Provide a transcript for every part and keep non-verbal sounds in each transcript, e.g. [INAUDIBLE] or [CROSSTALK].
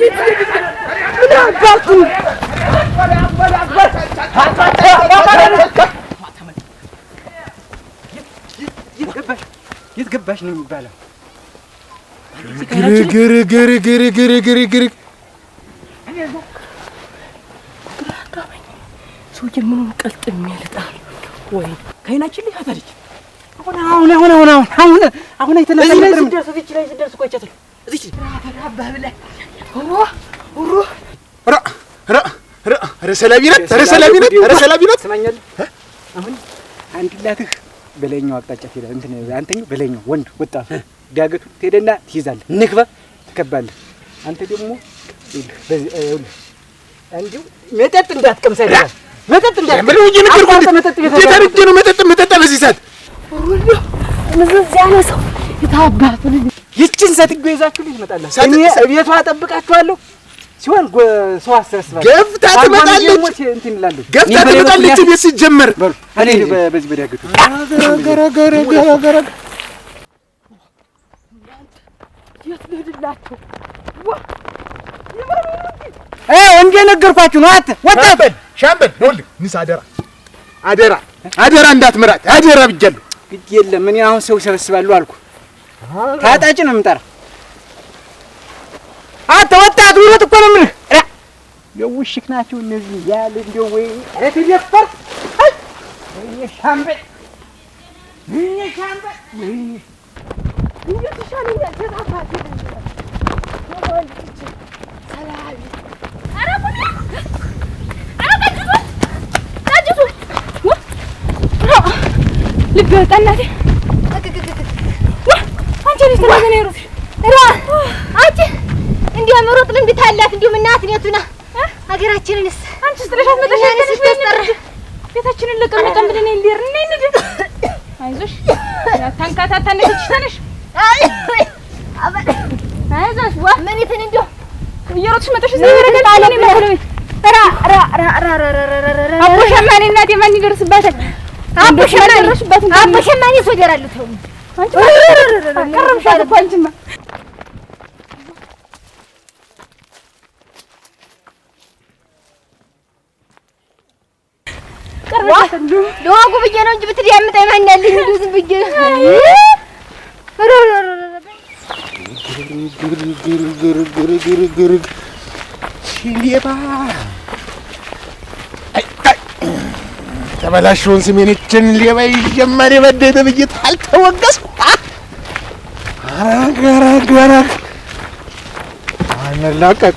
የት ገባሽ ነው የሚባለው? ግርግርግርግርግርግርግር ሰውዬ ምኑን ቀልጥ የሚያልጣ ወይ ከይናችን ላይ አታለች። አሁን አሁን አሁን አሁን አሁን አሁን አሁን አሁን ርዕሰ ለቢነት ርዕሰ ለቢነት ርዕሰ ለቢነት ትሰማኛለህ? አሁን አንድላትህ በላይኛው አቅጣጫ ትሄዳለህ። እንትን አንተኛው በላይኛው ወንድ ወጣቱ ዳገቱ ትሄደና ትይዛለህ። ንግባ ትከባለህ። አንተ ደግሞ እንዲሁ መጠጥ እንዳትቀምስ አይደለም መጠጥ እንዳትቀምስ በዚህ ሰዓት ይችን ሰትጎ ይዛችሁ ልጅ እመጣለሁ። እቤቷ እጠብቃችኋለሁ። ሲሆን ሰው አስተሳስባለሁ ገፍታ ትመጣለች ገፍታ ትመጣለች። ሲጀመር በዚህ ነው። ወጣት ሻምበል ንስ አደራ አደራ አደራ እንዳትመራት አደራ ብያለሁ። ግድ የለም እኔ አሁን ሰው ሰበስባለሁ አልኩ። ታጣጭ ነው የምጠራ አንተ ወጣት ውበት እኮ ነው የምልህ። የውሽክ ናቸው እነዚህ ያለ እንደው ወይ ረትደፈር ወይኔ ሻምበል ወይኔ ሻምበል እንዴት ይሻለኛል ተጣፋት ልብ ወጣ እናቴ። አንቺ ልጅ ተናገና ይሩሽ ራ አንቺ መሮጥ ልምድ ታላት። እንዲሁም እናት ኔቱና ሀገራችንንስ አንቺ ስትለሻት መጠሻትንስ ያስጠራ ቤታችንን ለቀመጠን ብለን ሊር እና ንድ አይዞሽ ታንካታታ ነገችሽ ተነሽ አይዞሽ ዋ ምኒትን እንዲሁ እየሮጥሽ መጠሽ ዘረገጣለን መለቤት አቦሸማኔ እናቴ ማን ይደርስባታል? አቦሸማኔ አቦሸማኔ ሰው ይደራሉ ተው ቀረምሻል እኮ አንቺማ ለወጉ ብዬሽ ነው እንጂ ብትል ያምጣኝ ማን ያለኝ ዝም ተበላሽውን ሌባ ይጀመር አረግ አረግ አረግ አንላቀቅ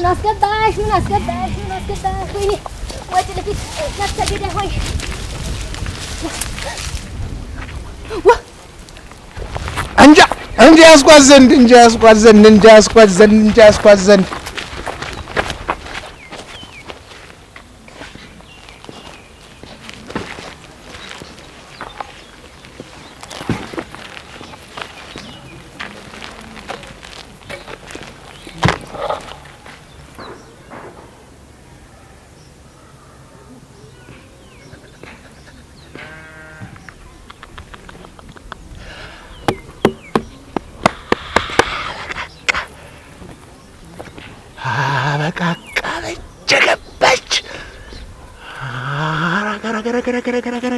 ምን አስገባሽ? ምን አስገባሽ? ምን አስገባሽ? ወይኔ ወጭ ልፊት ነፍሰ ገዳይ ሆይ እንጃ እንጃ ያስኳት ዘንድ እንጃ ያስኳት ዘንድ እንጃ ያስኳት ዘንድ እንጃ ያስኳት ዘንድ አውጣት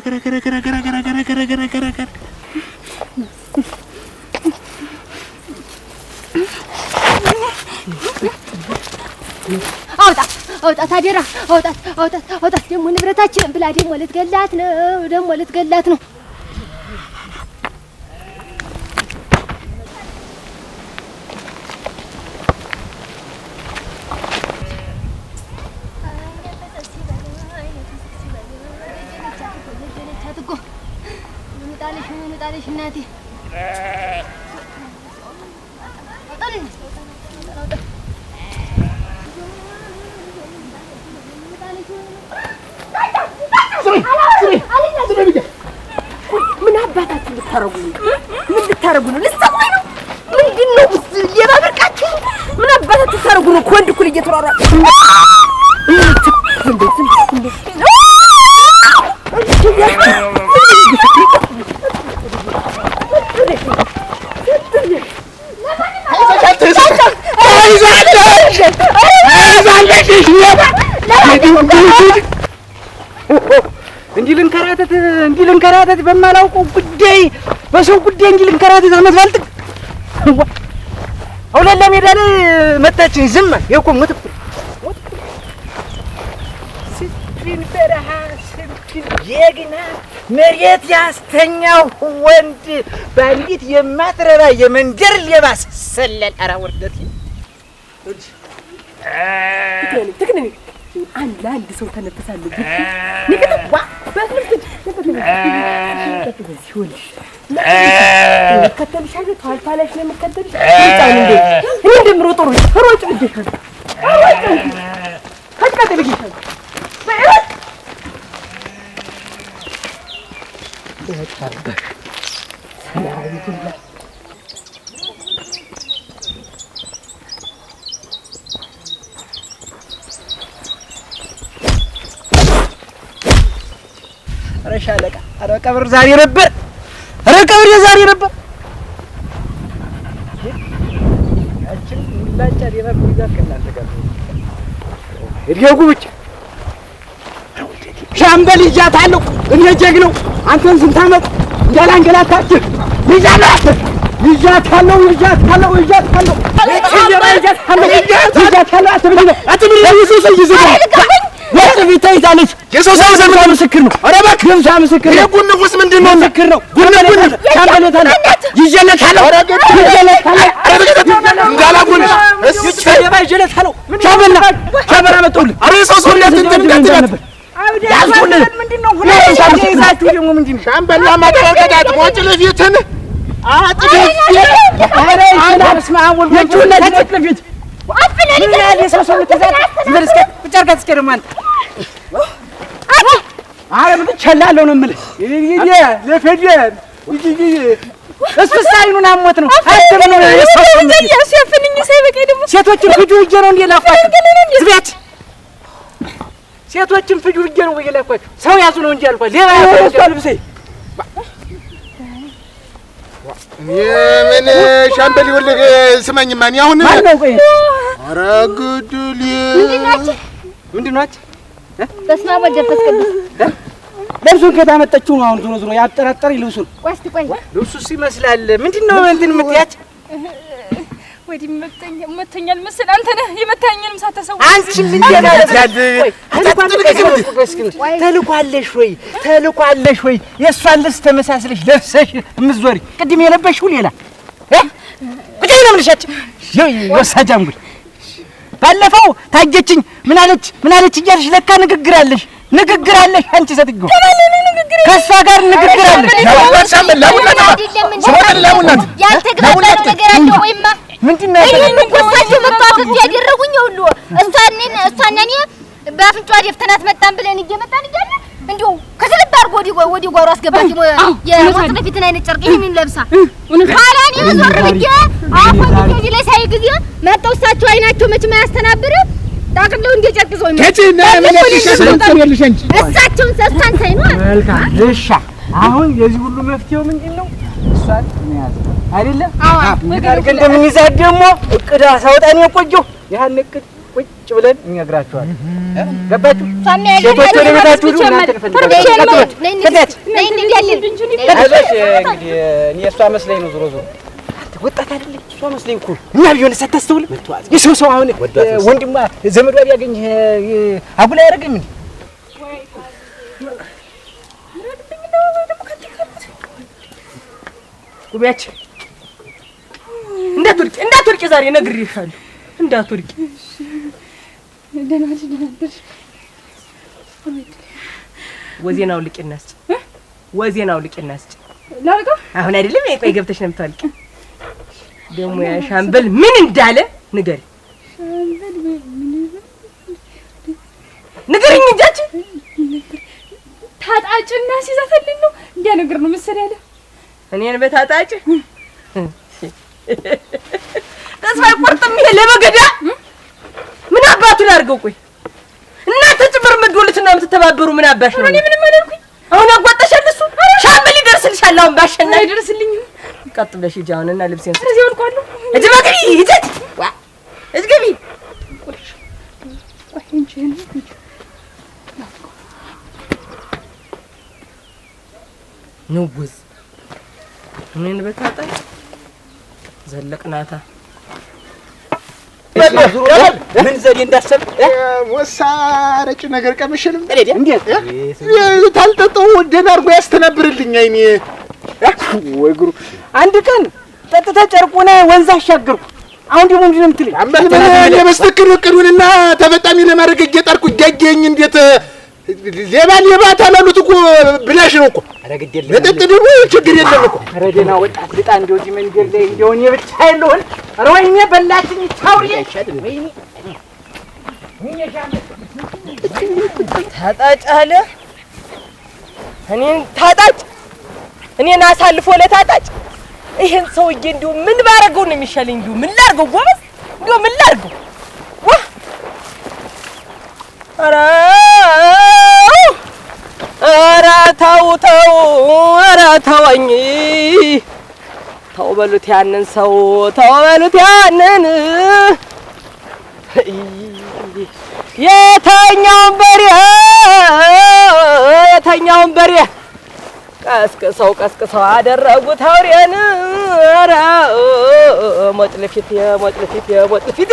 አውጣት አደራ አውጣት አውጣት አውጣት። ደግሞ ንብረታችንን ብላ ደግሞ ልትገላት ነው፣ ደግሞ ልትገላት ነው። ጣለሽ እናቴ። ምን አባታችሁ ልታረጉ ምን ልታረጉ ነው? ልትሰማኝ ነው? ምንድን ነው ሌባ በርቃችሁ? ምን አባታችሁ ልታረጉ ነው? ከወንድ እኩል እየተሯሯ ልንከራተት በማላውቀው ጉዳይ በሰው ጉዳይ እንጂ ልንከራተት አመት ባልጥቅ አሁን ሜዳ ላይ መታችን። ዝም የኮ ሞት ስንቱን በረሃ ስንቱን ጀግና መሬት ያስተኛው ወንድ በአንዲት የማትረባ የመንደር ሌባ ሰለል አራ ወርደት አንድ ለአንድ ሰው ተነፈሳለሁ። እከተልሻለሁ። ተዋልቷላሽ ነው የምከተልሽ። እኔ እንደምሮጥ ሮጭ ሮጭ ብዬሻለሁ። ሮጭ ኧረ ሻለቃ፣ አረ ቀብር ዛሬ ነበር፣ አረ ቀብር ዛሬ ነበር። ሻምበል ይዣታለሁ እኔ ጀግነው አንተን ስንታመጥ እንዳላንገላታችህ ይዣታለሁ ይዣታለሁ ይዣታለሁ ይዣታለሁ ይዣታለሁ ወጥ ቢት ተይዛለች። የሰው ሰው ምስክር ነው። ኧረ እባክህ የምሳ ምስክር ነው። የጉን ንጉስ ምንድን ነው? ምስክር ነው። ጉን ጉን ሻምበለታለሁ ይዤለታለሁ። እንዳላጎንሽ እስኪ ሸባ ይዤለታለሁ። ሻምበላ ሻምበላ መጥቶልህ። ኧረ የሰው ሰው እንዳትንትን እንዳትላት ያዝኩልህ። ይዛችሁ ደግሞ ምንድን ነው ሻምበላ ማጠራቀዳት ሞጭ ልፊትን አጥፊ ኧረ ስማ ወልጎ ልፊት ምን ያህል የሰው ሰው ምትዛት ይበርስከት ቁጭ አድርገህ አትስኬድም አንተ። ኧረ ምን ቸላለሁ ነው የምልህ። እሱስ አይኑን አሞት ነው። ሴቶችን ፍጁ ብዬሽ ነው እንደ ላኳቸው። ሴቶችን ፍጁ ብዬሽ ነው ብዬሽ ሰው ያዙ ነው እንጂ አልኳት። ሌባ ምን ሻምበል ይኸውልህ፣ ስማኝማ አረ አሁን ኧረ ናቸው ምንድን ናት? በስመ አብ ወልድ ቅዱስ። ልብሱን ነው? አሁን ያጠራጠረኝ ልብሱን። ቆይ፣ ይመስላል። ምንድን ነው እንትን የምትያች? ወዲህ መተኛል መሰል። አንተ ነህ አንቺ ምን ተልኳለሽ ወይ ተልኳለሽ ወይ? የእሷን ልብስ ተመሳስለሽ ለብሰሽ የምትዞሪ ቅድም የለበሽው ሌላ ወሳጅ አንጉል ባለፈው ታየችኝ ምን አለች ምን አለች እያልሽ ለካ ንግግር አለሽ ንግግር አለሽ አንቺ ሴትዮ ከእሷ ጋር ንግግር አለሽ። ያደረጉኝ ሁሉ እሷ እኔን እሷ እኔ በአፍንጫዋ ደፍተናት መጣን ብለን እየመጣን እያለ እንዲሁ ከስልብ አድርጎ ወዲህ ጓሮ አስገባት። የሞት በፊትን አይነት ጨርቅ ይህንን ለብሳ ኋላን የዞር ብዬ አፎን ጊዜ ላይ ሳይ ጊዜ መጣው እሳቸው አይናቸው መቼም አያስተናብርም። ጠቅለው እንደ ጨርቅ ሰው እሳቸውን ሰስታን ሳይ ነው ልሻ አሁን የዚህ ሁሉ መፍትሄው ምንድን ነው? እሷን መያዝ አይደለ? አዎ አድርገን እንደምንይዛት ደግሞ እቅድ አሳውጣን የቆየው ያህን እቅድ ብለን እንነግራቸዋለን። ገባችሁ? ሴቶች ወደ ቤታችሁ ሁሉ እናንተን ፈልጋለሁ። እንግዲህ እኔ እሷ መስለኝ ነው ዞሮ ዞሮ ወጣት አይደለም እሷ መስለኝ እኮ እኛ ቢሆን ሳታስተውል የሰው ሰው አሁን ወንድሟ ዘመዷ ቢያገኝ አጉላ አያደርግም ምን ቁሚያችን እንዳትወድቂ፣ እንዳትወድቂ ዛሬ ነግሬሻለሁ፣ እንዳትወድቂ ደህና ነሽ? ደህና ነሽ? አውልቂ እና ስጭ። አውልቂ እና ስጭ። አሁን አይደለም። ቆይ ገብተሽ ነው የምታወልቂ። ደግሞ ያ ሻምበል ምን እንዳለ ንገሪኝ፣ ንገሪኝ። እጃችን ታጣጭና ሲዛፈልኝ ነው እንዲያ ነገር ነው መሰለኝ አለ እኔን በታጣጭ ተስፋ አይቆርጥም ይሄ ለበገዳ አድርገው። ቆይ እናንተ ጭምር የምትዶሉት እና የምትተባበሩ ምን አባሽ ነው? እኔ ምንም አላልኩኝ። አሁን እሱ አሁን ባሸና አይደርስልኝም። ቀጥ ብለሽ ሂጂ አሁን እና ልብሴን እጅ እጅ ዘለቅናታ ምን ዘዴ እንዳሰብ ወሳረጭ ነገር ቀምሽንም ታልጠጣው ወደን አድርጎ ያስተናብርልኝ። አይኔ ወይ ጉሩ! አንድ ቀን ጠጥታ ጨርቁን ወንዝ አሻገርኩ። አሁን ደግሞ ምንድን ነው የምትለኝ? የመስተክር እቅዱንና ተፈጣሚ ለማድረግ እየጣርኩ እጃጀኝ። እንዴት ሌባ ሌባ ታላሉት እኮ ብላሽ ነው እኮ መጠጥ ደግሞ ችግር የለም እኮ። ኧረ ደህና ወጣት ልጣ እንደው እዚህ መንገድ ላይ እንደው እኔ ብቻ የለሁን። ኧረ ወይኔ በላችኝ ታውሪ ታጣጭ እኔን ታጣጭ እኔን አሳልፎ ለታጣጭ። ይሄን ሰውዬ እንዲሁ ምን ባረገው ነው የሚሻለኝ? እንዲሁ ምን ላርገው ጎበዝ? እንዲሁ ምን ላርገው? ዋ ኧረ ተው ተው፣ ኧረ ተወኝ፣ ተው በሉት ያንን ሰው ተው በሉት ያንን የተኛውን በሬ የተኛውን በሬ ቀስቅሰው ቀስቅሰው አደረጉት አውሬን። ኧረ ሞጭልፊት የሞጭልፊት የሞጭልፊት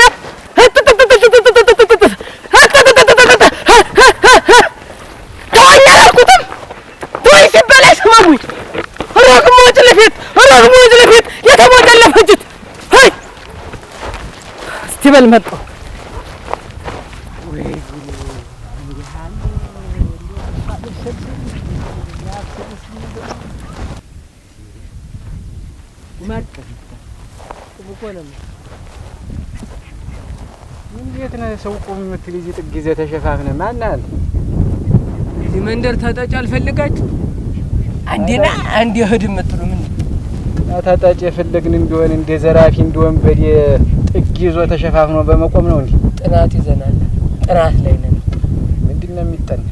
የት ነህ ሰው ቁም የምትል እዚህ ጥግ ይዘህ ተሸፋፍነህ ማን እዚህ መንደር ታጣጭ አልፈልጋችሁ አንዴና አንዴ እህድ የምትሉ ምን ታጣጭ የፈለግን እንዲሆን እንደ ዘራፊ እንዲሆን በዴ ጥግ ይዞ ተሸፋፍኖ በመቆም ነው እንዴ ጥናት ይዘናል ጥናት ላይ ነን ምንድን ነው የሚጠና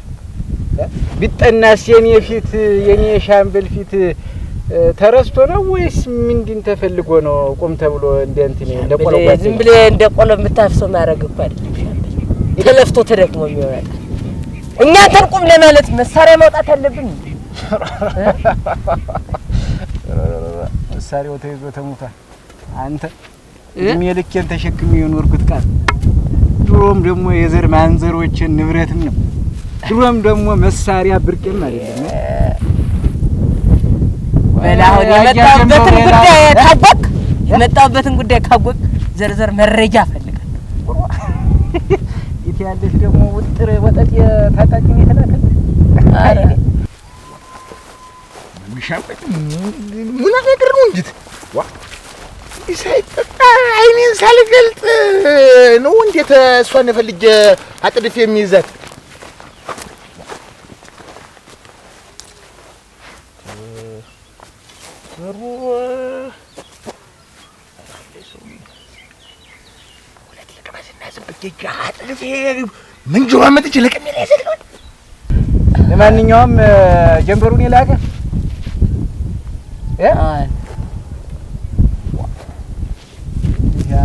ቢጠናስ የኔ ፊት የኔ የሻምበል ፊት ተረስቶ ነው ወይስ ምንድን ተፈልጎ ነው? ቆም ተብሎ እንደ እንትን እንደ ቆሎ ዝም ብለህ እንደ ቆሎ የምታፍሰው ማድረግ እኮ አይደለም። ተለፍቶ ተደክሞ የሚሆናል። እኛ ተርቁም ለማለት መሳሪያ ማውጣት አለብን። መሳሪያው ተይዞ ተሞቷል። አንተ እድሜ ልኬን ተሸክሜ የኖርኩት ቃል ድሮም ደግሞ የዘር ማንዘሮችን ንብረትም ነው ድሮም ደግሞ መሳሪያ ብርቅም አይደለም በል የመጣሁበትን ጉዳይ ታወቅ የመጣሁበትን ጉዳይ ካወቅ ዘርዘር መረጃ እፈልጋለሁ። ቤት ያለሽ ደግሞ ውጥር ወጠጤ ታጣቂ ቤት ናት። ምን ነገር ነው እንጂ ሳይጠጣ አይኔን ሳልገልጥ ነው እንዴት እሷን ፈልጌ አጥድፌ የሚይዛት ሲመሩ ለማንኛውም ጀንበሩን የላቀ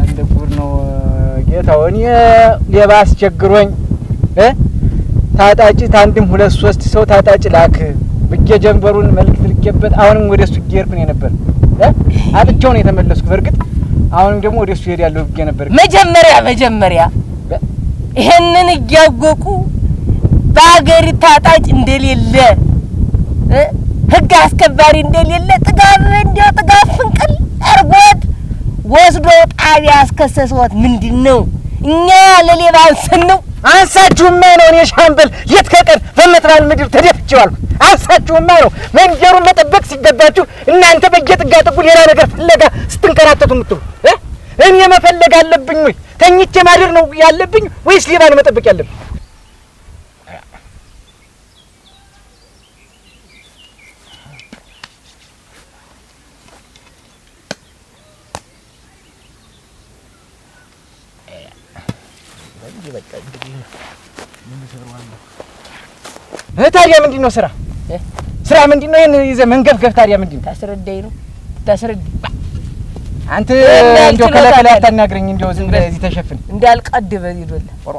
እንደ ጉድ ነው። ሌባ አስቸግሮኝ ታጣጭ ታንድም ሁለት ሶስት ሰው ታጣጭ ላክ ብጌ ጀንበሩን መልክ አድርጌበት አሁንም ወደ እሱ እየሄድኩ ነው የነበር። አጥቼው ነው የተመለስኩ። በእርግጥ አሁንም ደግሞ ወደ እሱ እሄዳለሁ ብዬ ነበር። መጀመሪያ መጀመሪያ ይሄንን እያወቁ በሀገር ታጣጭ እንደሌለ ህግ አስከባሪ እንደሌለ ጥጋብ እንዲያው ጥጋብ ፍንቅል አርጎት ወስዶ ጣቢያ አስከሰሰዎት። ምንድን ነው እኛ ለሌባ አንሰን ነው አንሳችሁማ ነው። እኔ ሻምበል ሌት ከቀን በመትባል ምድር ተደፍቼዋለሁ። አሳችሁማ ነው መንጀሩን መጠበቅ ሲገባችሁ እናንተ በየጥጋጥጉ ሌላ ነገር ፍለጋ ስትንከራተቱ ምትሉ እኔ መፈለግ አለብኝ ወይ? ተኝቼ ማደር ነው ያለብኝ ወይስ ሌባ ነው መጠበቅ ያለብኝ? ታዲያ ምንድን ነው ስራ ስራ ምንድን ነው? ይሄን ይዘህ መንገፍገፍ ታዲያ ምንድን ነው? ታስረዳኝ ነው ታስረዳ። አንተ እንደው ከለከለ አታናግረኝ። እንደው ዝም ብለህ እዚህ ተሸፍን እንዳልቀድበ ይዶላ ወራ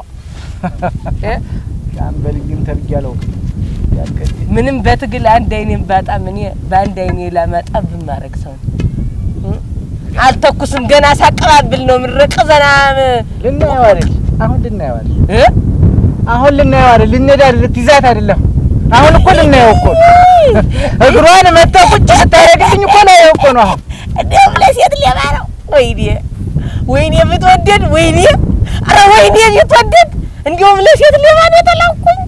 ያን ግን ተብያለው። ምንም በትግል አንድ አይኔን ባጣ ምን በአንድ አይኔ ላማጣብ ማረግ ሰው አልተኩስም። ገና ሳቀባብል ነው ምረቀ ዘናም ልናየዋለሽ አሁን እ አሁን ልናየው አይደል? ልንሄድ አይደል? ትይዛት አይደለም? አሁን እኮ ልናየው እኮ እግሯን መታ ቁጭ ስታደርግልኝ እኮ ላየው እኮ ነው። አሁን እንደውም ለሴት ሌባ ነው። ወይኔ ወይኔ፣ ብትወደድ ወይኔ፣ ኧረ ወይኔ ብትወደድ፣ እንደውም ለሴት ሌባ ነው የተላኩኝ።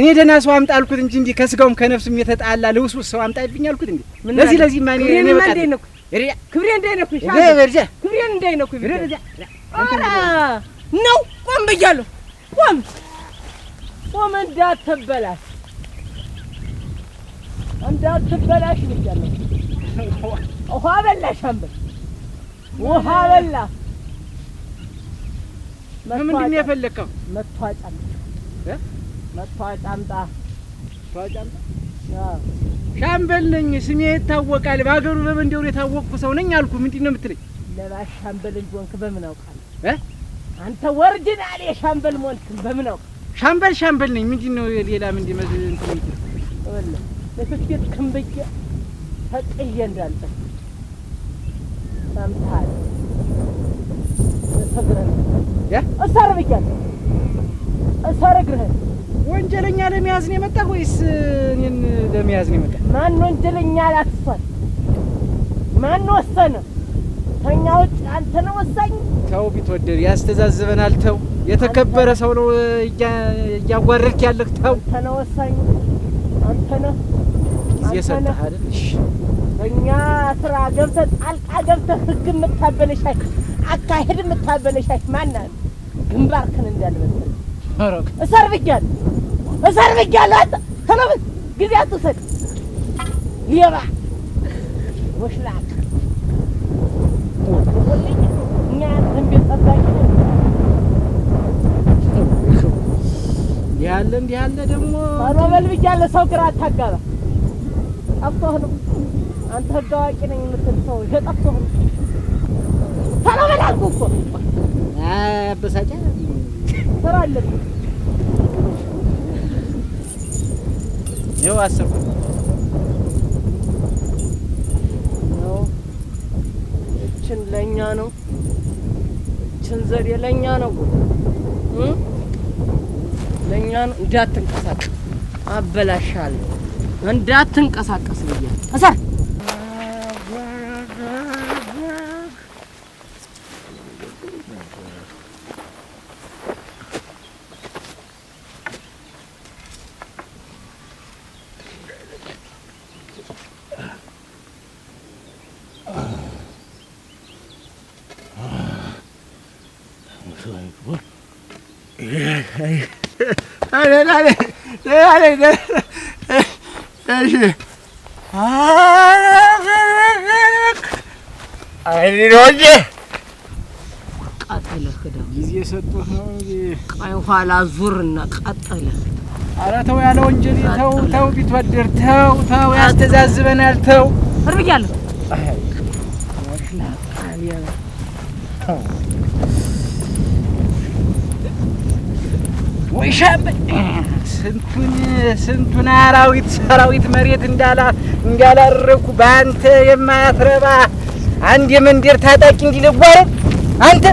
እኔ ደህና ሰው አምጣ አልኩት እንጂ እንዲህ ከስጋውም ከነፍስም የተጣላ ልውስውስ ሰው አምጣ አልኩት እንዴ። ለዚህ ለዚህ ማን እኔ ነው ማለት ነው ክብሬን እንዳይነኩኝ፣ ክብሬ እንዳይነኩኝ ነው። ቆም ብያለሁ ቆም ቆም፣ እንዳትበላሽ እንዳትበላሽ ብያለሁ። ውሃ በላሽ አንበል፣ ውሃ በላ። ምንድን ነው የፈለከው? መታወቂያ አምጣ፣ አምጣ። ሻምበል ነኝ፣ ስሜ ይታወቃል። በሀገሩ በመንደሩ የታወቅኩ ሰው ነኝ አልኩ። ምንድን ነው የምትለኝ? ለባሽ ሻምበል እንደሆንክ በምን አውቃለሁ? አንተ ወርድ ወርጅናል የሻምበል ሞልክ በምን ነው ሻምበል ሻምበል ነኝ። ምንድን ነው ሌላ ምን ዲመዝን ትምት ወለ ለሰት ቤት ከንበየ ተቀየ እንዳልጠ ሳምታል ተሰግረን ያ እሳር ብቻል እሳር እግርህን ወንጀለኛ ለመያዝ ነው የመጣህ ወይስ እኔን ለመያዝ ነው የመጣህ? ማን ወንጀለኛ አላትሷል? ማን ወሰነ? ከኛ ውጭ አንተ ነው ወሳኝ። ተው ቢትወደድ ያስተዛዝበናል። ተው የተከበረ ሰው ነው እያዋረድክ ያለህ። ተው አንተ ነው ወሳኝ። አንተ ነህ ጊዜ ሰጠህ አይደል? እሺ በእኛ ስራ ገብተህ ጣልቃ ገብተህ ህግ የምታበለሻይ አካሄድ የምታበለሻይ ማናት? ግንባርክን እንዳልበት እሰር ብያለሁ፣ እሰር ብያለሁ። አንተ ተለብስ ጊዜ አትውሰድ። ሌባ ወሽላቅ ያለ እንዲህ ያለ ደግሞ ማባበል ብያለሁ። ሰው ግራ አታጋባ። ጠፍቶህ ነው አንተ ህግ አዋቂ ነኝ የምትል ሰው ጠፍቶህ ነው። ቶሎ በል አልኩህ እኮ። አያበሳጭም። ስራ አለብኝ። ይኸው አስር ሀገራችን ለእኛ ነው። ችን ዘዴ ለእኛ ነው፣ ለእኛ ነው። እንዳትንቀሳቀስ አበላሻለሁ፣ እንዳትንቀሳቀስ ብያለሁ። ቃጠለህ ክዳም ጊዜ ሰጡህ ነው ቃይ ኋላ ዙር እና ቃጠለህ። ኧረ ተው ያለ ወንጀል ተው ተው፣ ቢትወደር ተው ተው፣ ያስተዛዝበናል ተው እርብያለሁ ቆይሻም ስንቱን ስንቱን አራዊት ሰራዊት መሬት እንዳላ እንዳላረኩ በአንተ የማትረባ አንድ የመንደር ታጣቂ እንዲለጓረን አንተ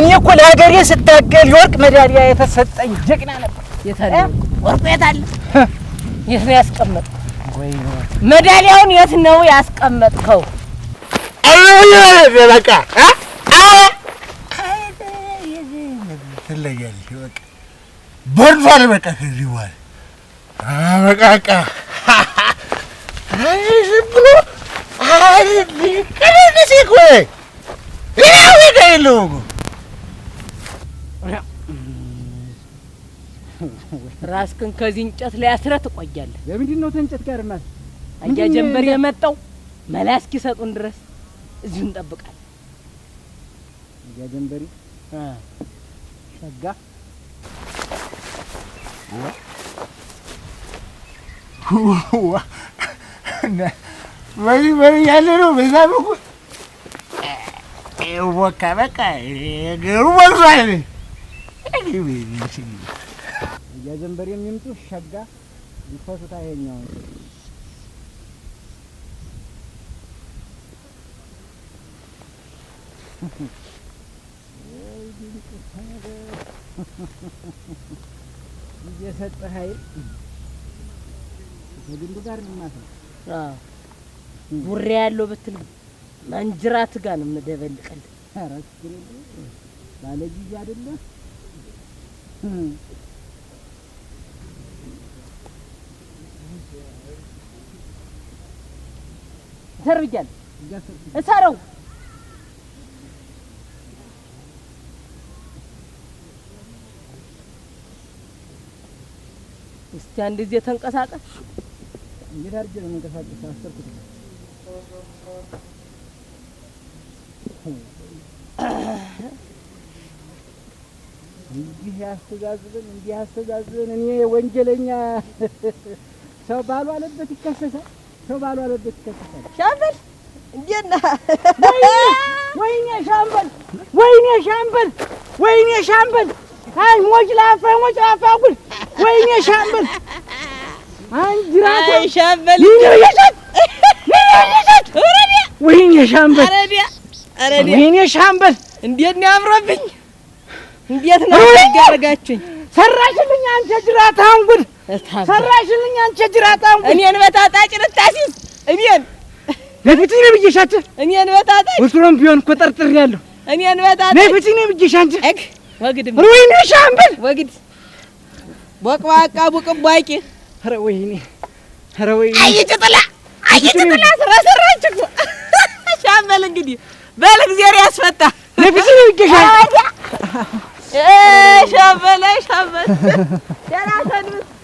እኔ እኮ ለሀገሬ ስታገል የወርቅ መዳሊያ የተሰጠኝ ጀግና ነበር። የታለ ወርቁ? የታለ? የት ነው ያስቀመጥከው? መዳሊያውን የት ነው ያስቀመጥከው? በቃ ትለያለሽ። በቃ በርዷል። በቃ ከዚህ በኋላ በቃቃ ብሎ ራስክን ከዚህ እንጨት ላይ አስረህ ትቆያለህ። ለምንድን ነው ተንጨት ጋር ማለት አያ ጀንበር የመጣው መላ እስኪሰጡን ድረስ እዚሁ እንጠብቃለን። አያ ጀንበሪ ሸጋ Mas, mas já não pensava Eu vou acabar caindo. Eu não vou sair. É que beleza. የጀንበሬ የሚምጡ ሸጋ ሊፈሱታ ይሄኛው Thank you. የሰጠ ኃይል ከግንዱ ጋር ነው ማለት ነው። ቡሬ ያለው ብትል መንጅራት ጋር ነው የምደበልቅልህ። ኧረ ችግር የለም ባለ ጊዜ አይደለ ተርብያለሁ እሰረው እስቲ አንድ ጊዜ ተንቀሳቀስ። እንዴት አድርጌ ነው መንቀሳቀስ? አሰርኩት እንዲህ ያስተዛዝብን እንዲህ ያስተዛዝብን። እኔ ወንጀለኛ ሰው ባሉ አለበት ይከሰሳል። ሰው ባሉ አለበት ይከሰሳል። ሻምበል ወይኔ ሻምበል፣ ወይኔ ሻምበል፣ ወይኔ ሻምበል! አይ ሞጭ ላፋ፣ ሞጭ ላፋ ወይኔ ሻምበል አንጅራት ሻምበል ወይኔ ሻምበል ወይኔ ሻምበል እንዴት ነው ያምረብኝ! እንዴት ነው ያደርጋችሁኝ! ሰራሽልኝ አንቺ ጅራት አንጉድ ሰራሽልኝ አንቺ ጅራት አንጉድ እኔን በታጣጭ ልታሲዝ እኔን ለፊትሽ ነው ብዬሻች እኔን በታጣጭ ወስሮም ቢሆን እኮ ጠርጥሬያለሁ እኔን በታጣጭ ለፊትሽ ነው ብዬሻች ወግድ ወይኔ ሻምበል ወግድ ቦቅባቃ ቡቅባቂ ኧረ ወይኔ ኧረ ወይኔ አየች ጥላ አየች ጥላ ስራ ሰራች እኮ [LAUGHS] ሻመል እንግዲህ በል እግዚአብሔር ያስፈታ ለፊት ይገሻል ሻመለ ሻመል ደህና ሰንብት